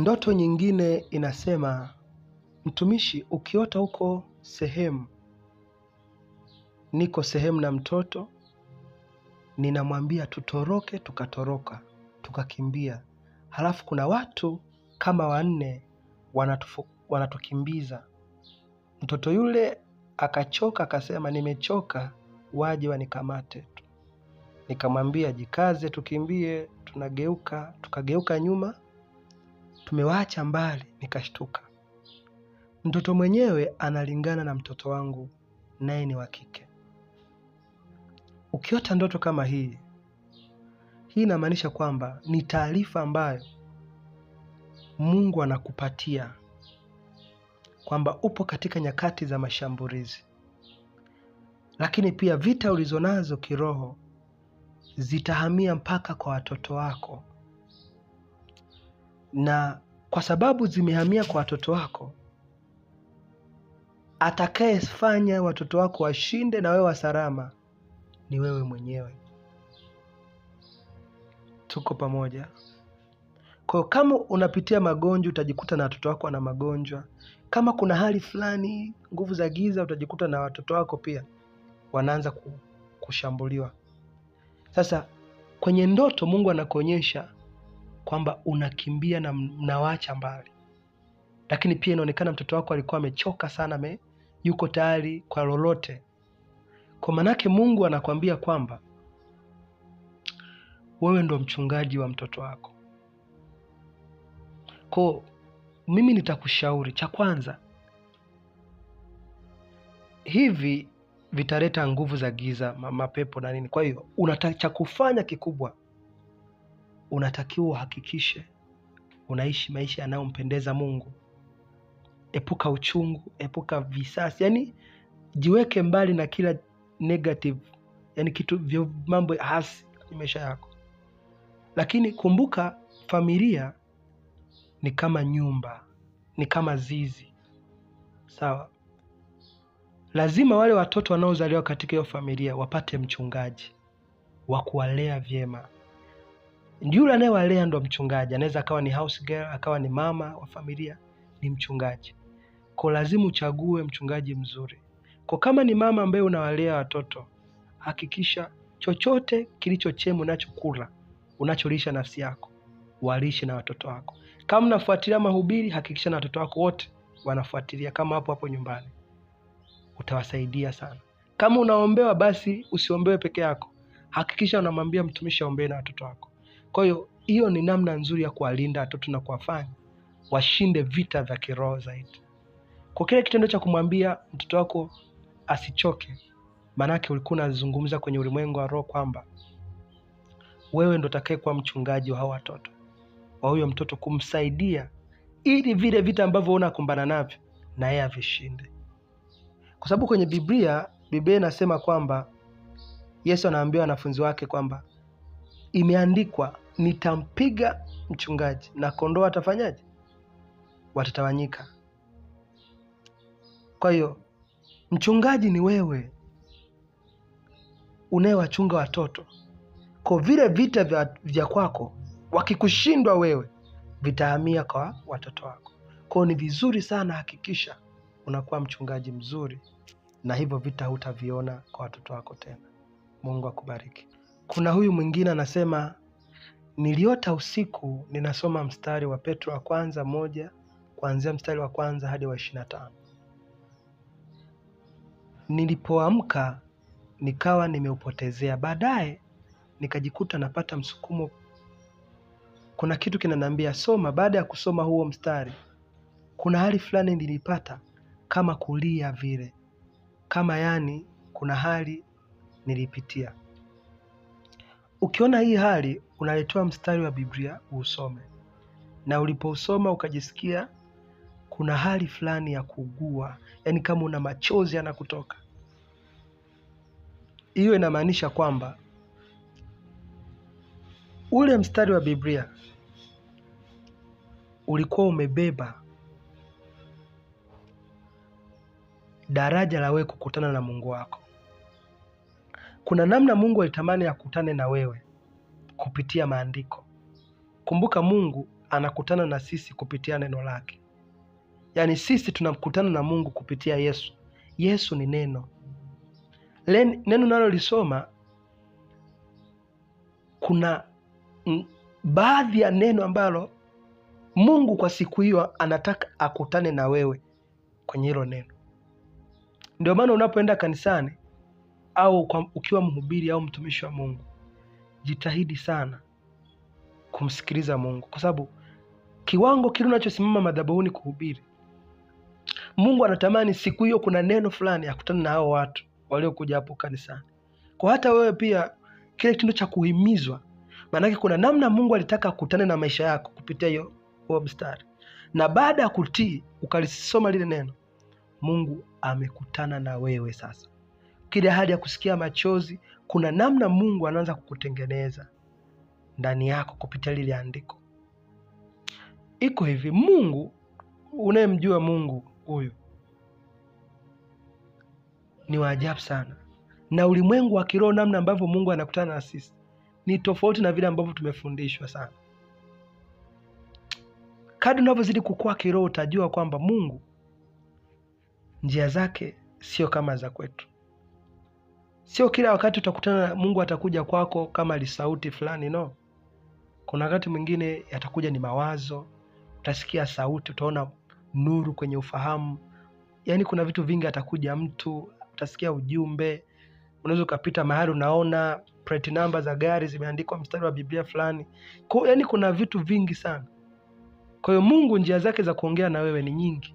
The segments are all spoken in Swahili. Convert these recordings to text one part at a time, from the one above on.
Ndoto nyingine inasema, mtumishi, ukiota huko sehemu, niko sehemu na mtoto, ninamwambia tutoroke, tukatoroka, tukakimbia, halafu kuna watu kama wanne wanatufu, wanatukimbiza. Mtoto yule akachoka, akasema nimechoka, waje wanikamate tu. Nikamwambia jikaze, tukimbie. Tunageuka, tukageuka nyuma tumewaacha mbali, nikashtuka. Mtoto mwenyewe analingana na mtoto wangu, naye ni wa kike. Ukiota ndoto kama hii, hii inamaanisha kwamba ni taarifa ambayo Mungu anakupatia kwamba upo katika nyakati za mashambulizi, lakini pia vita ulizonazo kiroho zitahamia mpaka kwa watoto wako na kwa sababu zimehamia kwa watoto wako, atakayefanya watoto wako washinde na wewe wasalama ni wewe mwenyewe. Tuko pamoja? Kwa kama unapitia magonjwa, utajikuta na watoto wako wana magonjwa. Kama kuna hali fulani, nguvu za giza, utajikuta na watoto wako pia wanaanza kushambuliwa. Sasa kwenye ndoto Mungu anakuonyesha kwamba unakimbia na mnawacha mbali. Lakini pia inaonekana mtoto wako alikuwa amechoka sana, me, yuko tayari kwa lolote. Kwa manake Mungu anakwambia kwamba wewe ndo mchungaji wa mtoto wako. Ko, mimi nitakushauri cha kwanza, hivi vitaleta nguvu za giza, mapepo na nini. Kwa hiyo una cha kufanya kikubwa unatakiwa uhakikishe unaishi maisha yanayompendeza Mungu. Epuka uchungu, epuka visasi, yani jiweke mbali na kila negative, yani kitu vyo mambo hasi kwenye maisha yako. Lakini kumbuka familia ni kama nyumba, ni kama zizi, sawa? Lazima wale watoto wanaozaliwa katika hiyo familia wapate mchungaji wa kuwalea vyema yule anayewalea ndo mchungaji, anaweza akawa ni house girl, akawa ni mama wa familia, ni mchungaji. ko lazima uchague mchungaji mzuri. ko kama ni mama ambaye unawalea watoto, hakikisha chochote kilicho chema unachokula, unacholisha nafsi yako, walishe na watoto wako. Kama unafuatilia mahubiri, hakikisha na watoto wako wote wanafuatilia, kama hapo hapo nyumbani, utawasaidia sana. Kama unaombewa, basi usiombewe peke yako, hakikisha unamwambia mtumishi aombee na watoto wako. Kwa hiyo hiyo ni namna nzuri ya kuwalinda watoto na kuwafanya washinde vita vya kiroho zaidi. Kwa kile kitendo cha kumwambia mtoto wako asichoke, maanake ulikuwa unazungumza kwenye ulimwengu wa roho kwamba wewe ndo utakaye kuwa mchungaji wa hao watoto, wa huyo mtoto, kumsaidia ili vile vita ambavyo unakumbana navyo na yeye avishinde, kwa sababu kwenye Biblia, Biblia inasema kwamba Yesu anaambia wanafunzi wake kwamba imeandikwa, nitampiga mchungaji na kondoo atafanyaje? Watatawanyika. Kwa hiyo mchungaji ni wewe unayewachunga watoto. Kwa vile vita vya, vya kwako wakikushindwa wewe, vitahamia kwa watoto wako. Kwao ni vizuri sana, hakikisha unakuwa mchungaji mzuri, na hivyo vita hutaviona kwa watoto wako tena. Mungu akubariki. Kuna huyu mwingine anasema Niliota usiku ninasoma mstari wa Petro wa kwanza moja kuanzia mstari wa kwanza hadi wa ishirini na tano. Nilipoamka nikawa nimeupotezea, baadaye nikajikuta napata msukumo, kuna kitu kinaniambia soma. Baada ya kusoma huo mstari, kuna hali fulani nilipata kama kulia vile, kama yani kuna hali nilipitia Ukiona hii hali, unaletewa mstari wa Biblia uusome, na ulipousoma ukajisikia kuna hali fulani ya kuugua, yaani kama una machozi yanakutoka, hiyo inamaanisha kwamba ule mstari wa Biblia ulikuwa umebeba daraja la wewe kukutana na Mungu wako. Kuna namna Mungu alitamani akutane na wewe kupitia maandiko. Kumbuka Mungu anakutana na sisi kupitia neno lake, yaani sisi tunakutana na Mungu kupitia Yesu. Yesu ni neno. Len, neno nalolisoma kuna m, baadhi ya neno ambalo Mungu kwa siku hiyo anataka akutane na wewe kwenye hilo neno. Ndio maana unapoenda kanisani au kwa, ukiwa mhubiri au mtumishi wa Mungu, jitahidi sana kumsikiliza Mungu, kwa sababu kiwango kile unachosimama madhabahuni kuhubiri, Mungu anatamani siku hiyo kuna neno fulani akutane na hao watu waliokuja hapo kanisani. Kwa hata wewe pia kile kitendo cha kuhimizwa, maanake kuna namna Mungu alitaka akutane na maisha yako kupitia hiyo huo mstari, na baada ya kutii ukalisoma lile neno, Mungu amekutana na wewe sasa kila hali ya kusikia machozi, kuna namna Mungu anaanza kukutengeneza ndani yako kupitia lile andiko. Iko hivi, Mungu unayemjua Mungu huyu ni waajabu sana, na ulimwengu wa kiroho, namna ambavyo Mungu anakutana na sisi ni tofauti na vile ambavyo tumefundishwa sana. kadi unavyozidi kukua kiroho, utajua kwamba Mungu njia zake sio kama za kwetu. Sio kila wakati utakutana Mungu atakuja kwako kama lisauti fulani, no. Kuna wakati mwingine yatakuja ni mawazo, utasikia sauti, utaona nuru kwenye ufahamu. Yaani kuna vitu vingi, atakuja mtu, utasikia ujumbe. Unaweza ukapita mahali unaona plate namba za gari zimeandikwa mstari wa Biblia fulani. Yaani kuna vitu vingi sana. Kwa hiyo Mungu njia zake za kuongea na wewe ni nyingi.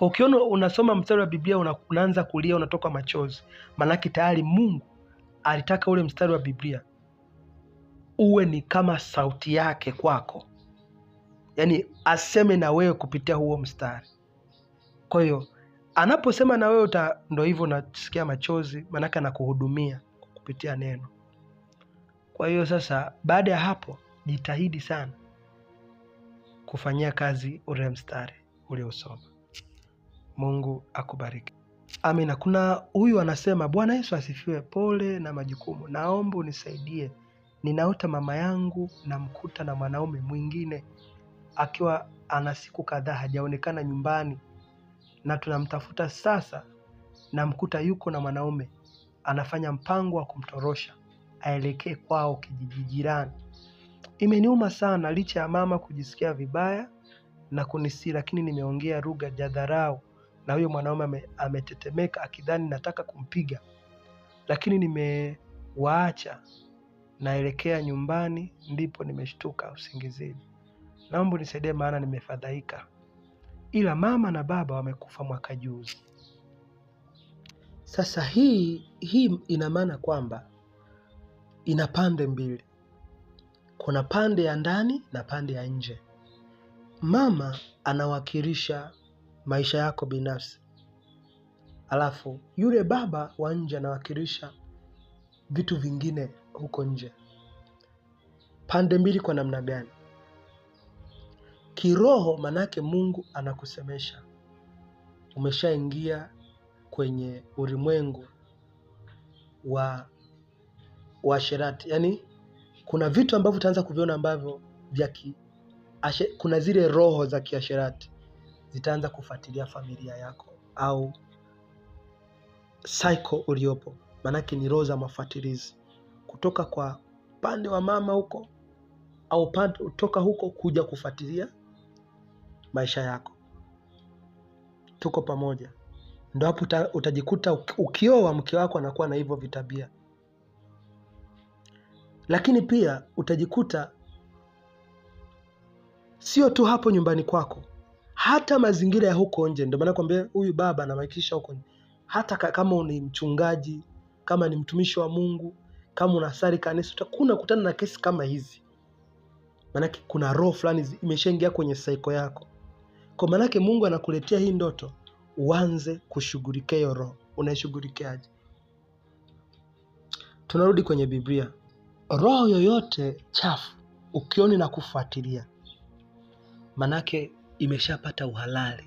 Kwa ukiona unasoma mstari wa Biblia unaanza kulia, unatoka machozi, maanake tayari Mungu alitaka ule mstari wa Biblia uwe ni kama sauti yake kwako, yaani aseme na wewe kupitia huo mstari. Kwa hiyo anaposema na wewe uta, ndo hivyo unasikia machozi, maanake anakuhudumia kupitia neno. Kwa hiyo sasa, baada ya hapo, jitahidi sana kufanyia kazi ule mstari uliousoma. Mungu akubariki. Amina. Kuna huyu anasema, Bwana Yesu asifiwe. Pole na majukumu, naomba unisaidie. Ninaota mama yangu namkuta na mwanaume mwingine akiwa ana siku kadhaa hajaonekana nyumbani, na tunamtafuta sasa, namkuta yuko na mwanaume anafanya mpango wa kumtorosha aelekee kwao kijiji jirani. Imeniuma sana, licha ya mama kujisikia vibaya na kunisi, lakini nimeongea lugha ya dharau na huyo mwanaume ametetemeka akidhani nataka kumpiga, lakini nimewaacha naelekea nyumbani, ndipo nimeshtuka usingizini. Naomba nisaidie maana nimefadhaika, ila mama na baba wamekufa mwaka juzi. Sasa hii hii ina maana kwamba ina pande mbili, kuna pande ya ndani na pande ya nje. Mama anawakilisha maisha yako binafsi. Alafu yule baba wa nje anawakilisha vitu vingine huko nje, pande mbili. Kwa namna gani? Kiroho manake Mungu anakusemesha, umeshaingia kwenye ulimwengu wa sherati yaani kuna vitu ambavyo utaanza kuviona ambavyo vya kuna zile roho za kiasherati zitaanza kufuatilia familia yako au cycle uliopo, maanake ni roho za mafuatilizi kutoka kwa upande wa mama huko au pande kutoka huko kuja kufuatilia maisha yako. Tuko pamoja? Ndo hapo utajikuta ukioa mke wako anakuwa na hivyo vitabia, lakini pia utajikuta sio tu hapo nyumbani kwako, hata mazingira ya huko nje. Ndio maana kwambia huyu baba anamaanisha huko nje, hata kama ni mchungaji, kama ni mtumishi wa Mungu, kama unasali kanisa, utakuna kutana na kesi kama hizi, maanake kuna roho fulani imeshaingia kwenye saiko yako. Kwa maanake Mungu anakuletea hii ndoto, uanze kushughulikia hiyo roho. Unaishughulikiaje? Tunarudi kwenye Biblia. Roho yoyote chafu ukioni na kufuatilia, manake imeshapata uhalali.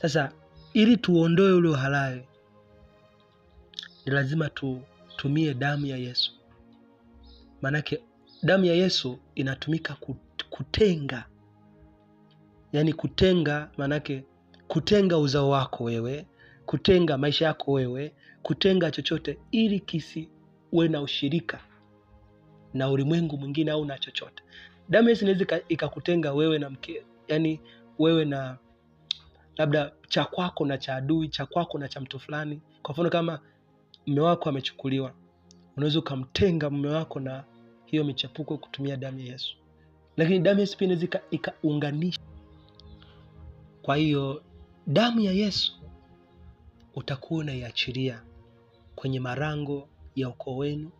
Sasa ili tuondoe ule uhalali, ni lazima tutumie damu ya Yesu, maanake damu ya Yesu inatumika kutenga, yaani kutenga, maanake kutenga uzao wako wewe, kutenga maisha yako wewe, kutenga chochote ili kisi uwe na ushirika na ulimwengu mwingine au na chochote. Damu ya Yesu inaweza ikakutenga wewe na mkeo yani wewe na labda cha kwako na cha adui, cha kwako na cha mtu fulani. Kwa mfano kama mume wako amechukuliwa, unaweza ukamtenga mume wako na hiyo michepuko kutumia damu ya Yesu, lakini damu ya Yesu pia inaweza ikaunganisha. Kwa hiyo damu ya Yesu utakuwa unaiachiria kwenye marango ya ukoo wenu,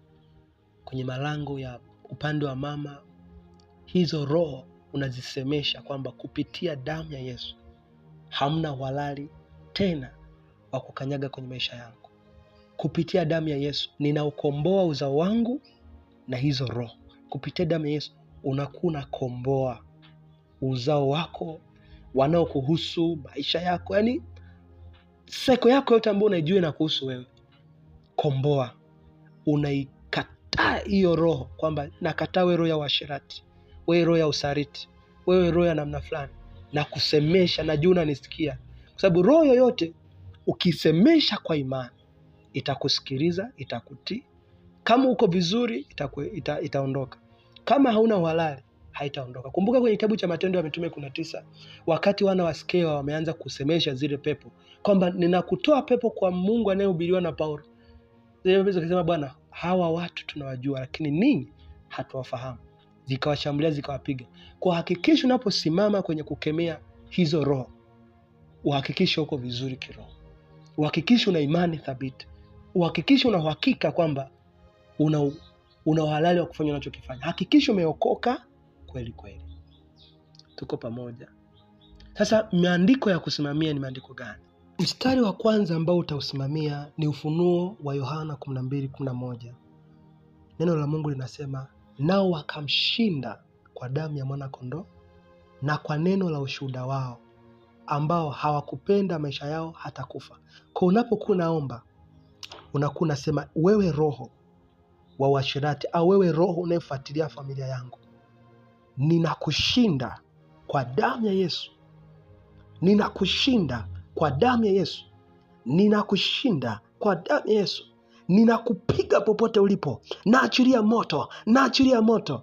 kwenye marango ya upande wa mama, hizo roho unazisemesha kwamba kupitia damu ya Yesu hamna uhalali tena wa kukanyaga kwenye maisha yangu. Kupitia damu ya Yesu ninaukomboa uzao wangu na hizo roho. Kupitia damu ya Yesu unakuwa unakomboa uzao wako, wanaokuhusu, maisha yako, yaani seko yako yote ambayo unaijua inakuhusu wewe. Komboa, unaikataa hiyo roho, kwamba nakataa we roho ya uashirati wewe roho ya usariti wewe roho ya namna fulani, na kusemesha, juu unanisikia, kwa sababu roho yoyote ukisemesha kwa imani itakusikiliza, itakutii. Kama uko vizuri ita, itaondoka. Kama hauna uhalali haitaondoka. Kumbuka kwenye kitabu cha Matendo ya Mitume kuna tisa, wakati wana wa Skewa wameanza kusemesha zile pepo kwamba ninakutoa pepo kwa Mungu anayehubiriwa na Paulo, zile pepo zikasema, Bwana, hawa watu tunawajua, lakini ninyi hatuwafahamu zikawashambulia zikawapiga. Kwa hakikisha unaposimama kwenye kukemea hizo roho, uhakikishe uko vizuri kiroho, uhakikishe una imani thabiti, uhakikishe una uhakika kwamba una, una uhalali wa kufanya unachokifanya. Hakikisha umeokoka kweli kweli. Tuko pamoja? Sasa maandiko ya kusimamia ni maandiko gani? Mstari wa kwanza ambao utausimamia ni Ufunuo wa Yohana 12:11. Neno la Mungu linasema nao wakamshinda kwa damu ya mwana kondoo na kwa neno la ushuhuda wao ambao hawakupenda maisha yao hata kufa. Kwa unapokuwa unaomba, unakuwa unasema, wewe roho wa uasherati au wewe roho unayefuatilia familia yangu, ninakushinda kwa damu ya Yesu, ninakushinda kwa damu ya Yesu, ninakushinda kwa damu ya Yesu ninakupiga popote ulipo, naachilia moto, naachilia moto.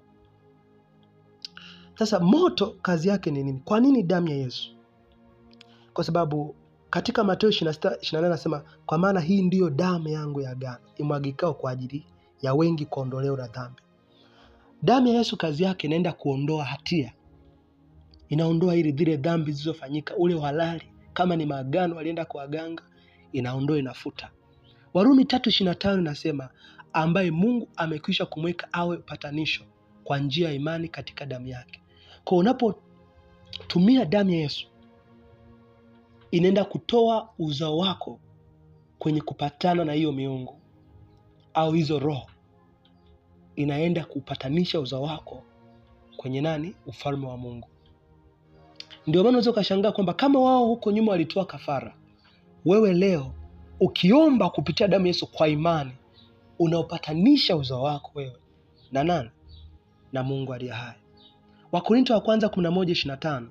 Sasa moto kazi yake ni nini? Kwa nini damu ya Yesu? Kwa sababu katika Mateo 26:28 anasema, kwa maana hii ndiyo damu yangu ya agano imwagikao kwa ajili ya wengi kwa ondoleo la dhambi. Damu ya Yesu kazi yake inaenda kuondoa hatia, inaondoa ili zile dhambi zilizofanyika, ule uhalali, kama ni maagano alienda kwa waganga, inaondoa inafuta. Warumi tatu ishirini na tano inasema ambaye Mungu amekwisha kumweka awe upatanisho kwa njia ya imani katika damu yake. Kwa unapotumia damu ya Yesu inaenda kutoa uzao wako kwenye kupatana na hiyo miungu au hizo roho, inaenda kupatanisha uzao wako kwenye nani? Ufalme wa Mungu. Ndio maana unaweza ukashangaa kwamba kama wao huko nyuma walitoa kafara, wewe leo Ukiomba kupitia damu Yesu kwa imani, unaopatanisha uzao wako wewe na nani? Na Mungu aliye hai. Wakorinto wa kwanza kumi na moja tano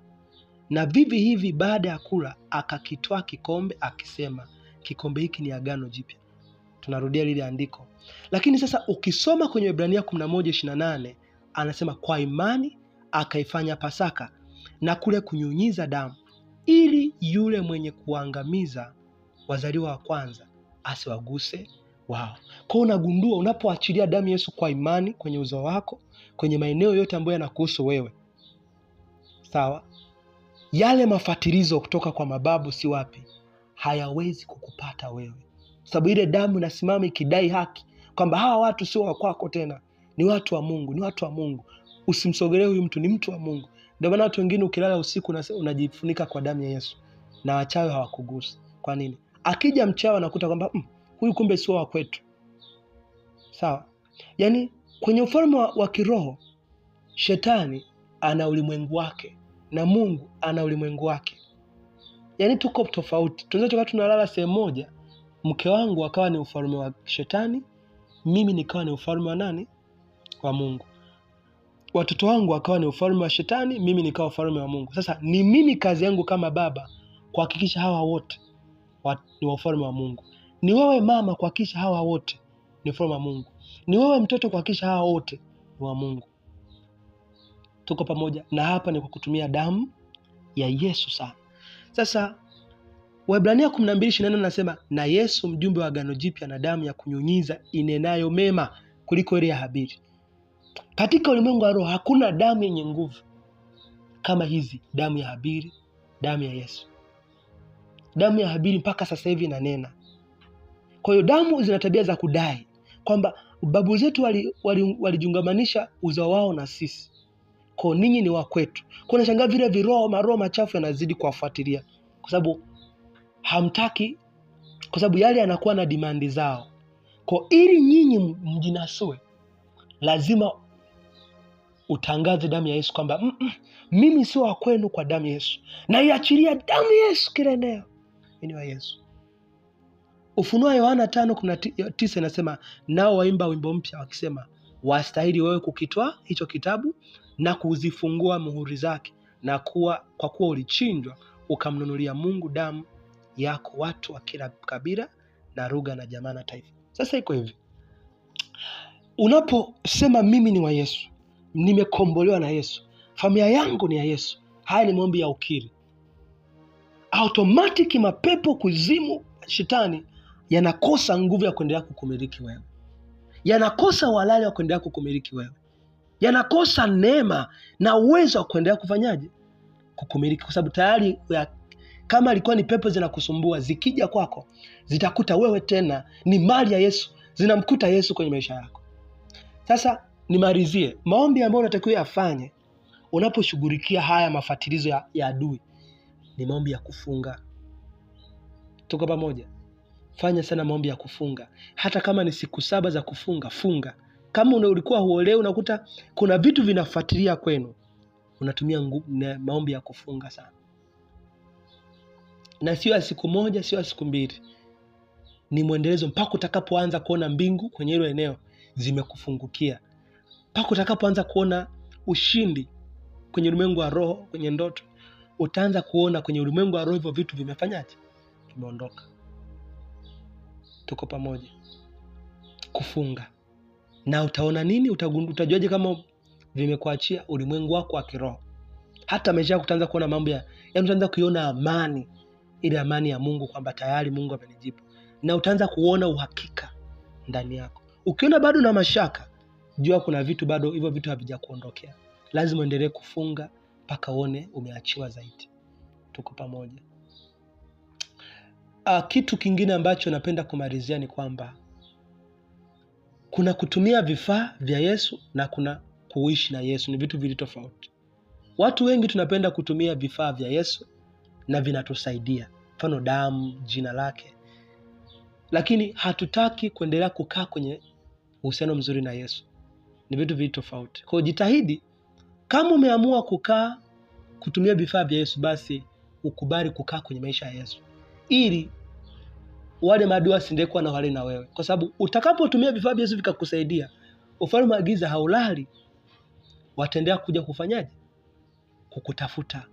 na vivi hivi baada ya kula akakitoa kikombe akisema, kikombe hiki ni agano jipya. Tunarudia lile andiko, lakini sasa ukisoma kwenye Ibrania kumi na moja nane anasema kwa imani akaifanya Pasaka na kule kunyunyiza damu, ili yule mwenye kuangamiza wazaliwa wa kwanza asiwaguse wao. Kwa hiyo unagundua, unapoachilia damu Yesu kwa imani kwenye uzao wako, kwenye maeneo yote ambayo yanakuhusu wewe, sawa, yale mafatilizo kutoka kwa mababu, si wapi, hayawezi kukupata wewe, sababu ile damu inasimama ikidai haki kwamba hawa watu sio wa kwako tena, ni watu wa Mungu, ni watu wa Mungu. Usimsogelee huyu mtu, ni mtu wa Mungu. Ndio maana watu wengine ukilala usiku unajifunika kwa damu ya Yesu na wachawi hawakugusi. Kwa nini? Akija mchawi anakuta kwamba mm, huyu kumbe sio wa kwetu. Sawa? Yaani kwenye ufalme wa, wa kiroho shetani ana ulimwengu wake na Mungu ana ulimwengu wake. Yaani tuko tofauti, tunaweza tukawa tunalala sehemu moja, mke wangu akawa ni ufalme wa shetani, mimi nikawa ni ufalme wa nani? Wa Mungu. Watoto wangu akawa ni ufalme wa shetani, mimi nikawa ufalme wa Mungu. Sasa ni mimi kazi yangu kama baba kuhakikisha hawa wote ni wa ufalme wa Mungu. Ni wewe mama kuhakikisha hawa wote ni ufalme wa Mungu. Ni wewe mtoto kuhakikisha hawa wote ni wa Mungu. Tuko pamoja na hapa ni kwa kutumia damu ya Yesu sana. Sasa Waebrania 12:24 nasema na Yesu mjumbe wa agano jipya na damu ya kunyunyiza inenayo mema kuliko ile ya Habili. Katika ulimwengu wa roho hakuna damu yenye nguvu kama hizi, damu ya Habili, damu ya Yesu damu ya Habili mpaka sasa hivi inanena. Kwa hiyo damu zina tabia za kudai kwamba babu zetu walijiungamanisha wali, wali uzao wao na sisi, kwa ninyi ni wa kwetu. Kwa vile viroho maroho machafu yanazidi kuwafuatilia kwa sababu hamtaki, kwa sababu yale yanakuwa na dimandi zao. Kwa ili nyinyi mjinasue, lazima utangaze damu ya Yesu kwamba mimi sio wa kwenu kwa damu ya Yesu, naiachilia damu ya Yesu kila eneo waumini wa Yesu. Ufunuo Yohana 5:19 kuna inasema, nao waimba wimbo mpya wakisema, wastahili wewe kukitwa hicho kitabu na kuzifungua muhuri zake, na kuwa kwa kuwa ulichinjwa ukamnunulia Mungu damu yako watu wa kila kabila na lugha na jamaa na taifa. Sasa iko hivi, unaposema mimi ni wa Yesu, nimekombolewa na Yesu, familia yangu ni ya Yesu, haya ni maombi ya ukiri automatiki mapepo, kuzimu, shetani yanakosa nguvu ya kuendelea kukumiliki wewe, yanakosa uhalali wa kuendelea kukumiliki wewe, yanakosa neema na uwezo wa kuendelea kufanyaje, kukumiliki, kwa sababu tayari ya, kama alikuwa ni pepo zinakusumbua, zikija kwako zitakuta wewe tena ni mali ya Yesu, zinamkuta Yesu kwenye maisha yako. Sasa nimalizie maombi ambayo unatakiwa yafanye unaposhughulikia haya mafatilizo ya, ya ni maombi ya kufunga. Tuko pamoja? Fanya sana maombi ya kufunga, hata kama ni siku saba za kufunga, funga. Kama ulikuwa huolewi, unakuta kuna vitu vinafuatilia kwenu, unatumia maombi ya kufunga sana, na sio ya siku moja, sio ya siku mbili, ni mwendelezo mpaka utakapoanza kuona mbingu kwenye hilo eneo zimekufungukia, mpaka utakapoanza kuona ushindi kwenye ulimwengu wa roho, kwenye ndoto utaanza kuona kwenye ulimwengu wa roho hivyo vitu vimefanyaje, vimeondoka. Tuko pamoja. Kufunga na utaona nini? Utajuaje kama vimekuachia ulimwengu wako wa kiroho? Hata maisha yako utaanza kuona mambo ya yaani, utaanza kuiona amani, ile amani ya Mungu kwamba tayari Mungu amenijibu, na utaanza kuona uhakika ndani yako. Ukiona bado na mashaka, jua kuna vitu bado, hivyo vitu havijakuondokea. Lazima uendelee kufunga mpaka uone umeachiwa zaidi. Tuko pamoja. Uh, kitu kingine ambacho napenda kumalizia ni kwamba kuna kutumia vifaa vya Yesu na kuna kuishi na Yesu, ni vitu vili tofauti. Watu wengi tunapenda kutumia vifaa vya Yesu na vinatusaidia, mfano damu, jina lake, lakini hatutaki kuendelea kukaa kwenye uhusiano mzuri na Yesu. Ni vitu vili tofauti. Kwa jitahidi, kama umeamua kukaa kutumia vifaa vya Yesu, basi ukubali kukaa kwenye maisha ya Yesu ili wale maadui wasindekuwa na wale na wewe, kwa sababu utakapotumia vifaa vya Yesu vikakusaidia, ufalme wa giza haulali, wataendelea kuja kufanyaje? Kukutafuta.